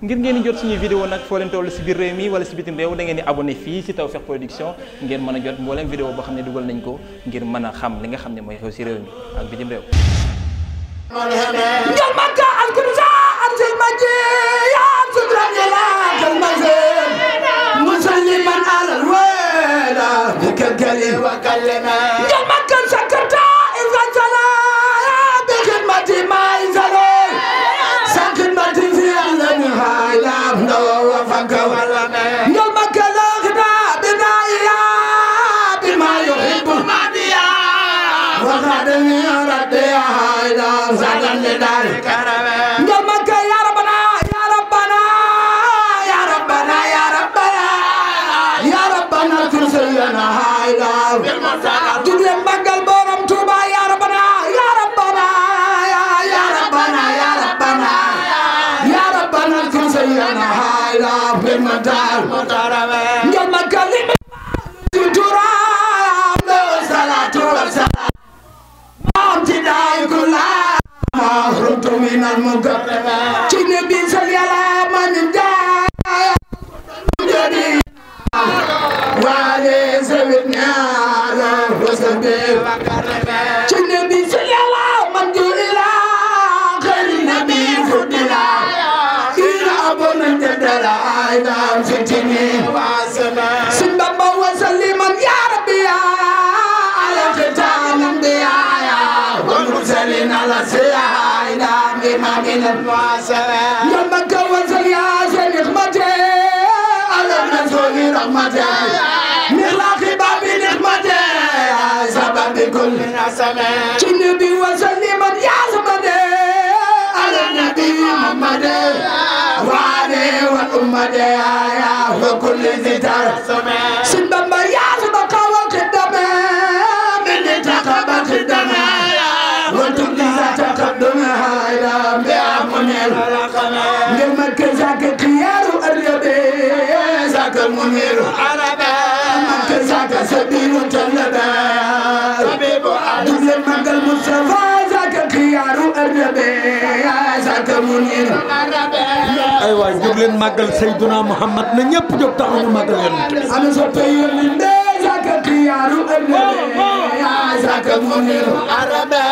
ngir ngeen jot suñuy vidéo nag foo leen toll si biir réew mi wala si bitim réew da ngeen di abonné fii si Tawfekh Production ngeen mën a jot mbooleem vidéo boo xam ne dugal nañ ko ngir mën a xam li nga xam ne mooy xew si réew mi ak bitim réew njal makka al kubsa am seen majji ya am خادمي ربي هايدر زاد الندار قال مكة يا ربنا يا ربنا يا ربنا يا ربنا يا ربنا تنسل لنا هايدر تقول مكة البورم توبا يا ربنا يا ربنا يا ربنا يا ربنا يا ربنا تنسل لنا هايدر بالمدار من المقربين جنبي صلي على من جاء جدي وعلي زودنا على وسبي جنبي صلي على من جرلا خير نبي فدلا إلى أبونا جدلا أيضا فتني وعسما سنبابا وسليما يا لمعدنا المعاسرة جنبك وسليا سيد نخمتي على النزول رحمتي نخلاق باب نخمتي سبب كل نسمة جنبي وسلم يا سمدي على النبي محمد وعلي والأمة يا وكل ذي ترسمة منير قم كزاك خيار الربي زاك منير عربا قم كزاك سبيل تلبا طبيب عدل مك المصطفى زاك خيار الربي زاك منير عربا ايوا جوب لين ماغال سيدنا محمد نا ñepp jóg taxu ñu màggal yéen ana so pay yéen ni ndé zaka khiyaaru ëllëg yaa zaka munir araba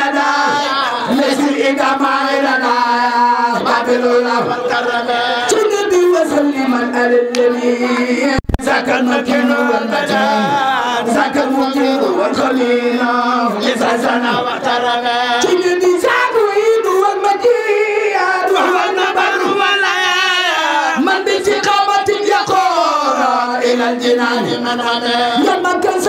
لنا نسي إكما لنا بابلونا والكرمة جنب وسلم الذي ذاك المكين والمجان ذاك المكين والخليل لساسنا واحترمة جنب ذاك ويد والمجيد وهو النبل والعيان من بسقامة يقول إلى الجنان من عمل لما كان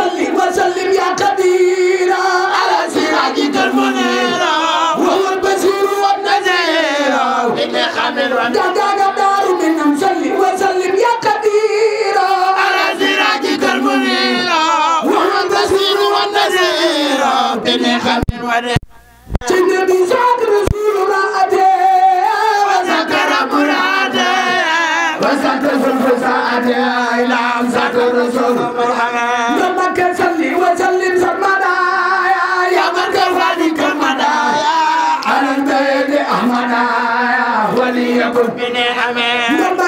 حمزة الرسول مرحبا ربك صلي وسلم سرمدا يا من كفاني كمدا على البيت أحمدا وليكن بنعمه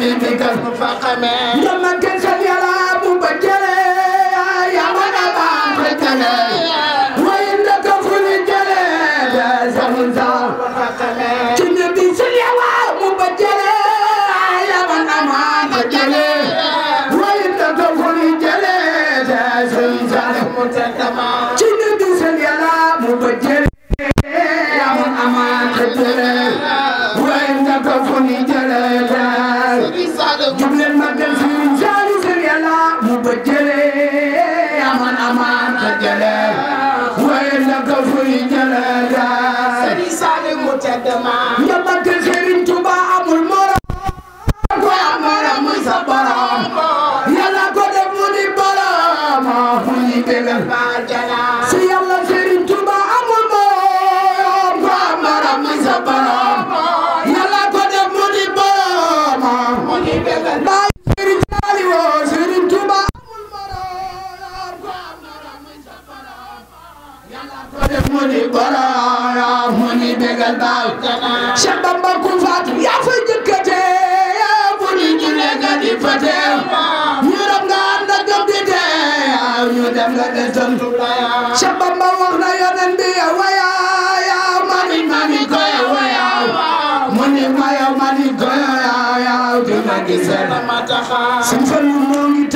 حبيبك فقمه di ko am morom muy sa mu di borom si yàlla Serigne Touba amul morom ko am morom muy sa ko def mu di borom ñuy bégal baal Cheikh Bamba ku faatu yaa fay jëkkate bu ñu julee nga di fate ñu rab nga ànd ak gëm di tee ñu dem nga desal Cheikh Bamba wax na yonen bi ya waya ya mani mani goya waya mu ni maya mani goya ya di ma gisee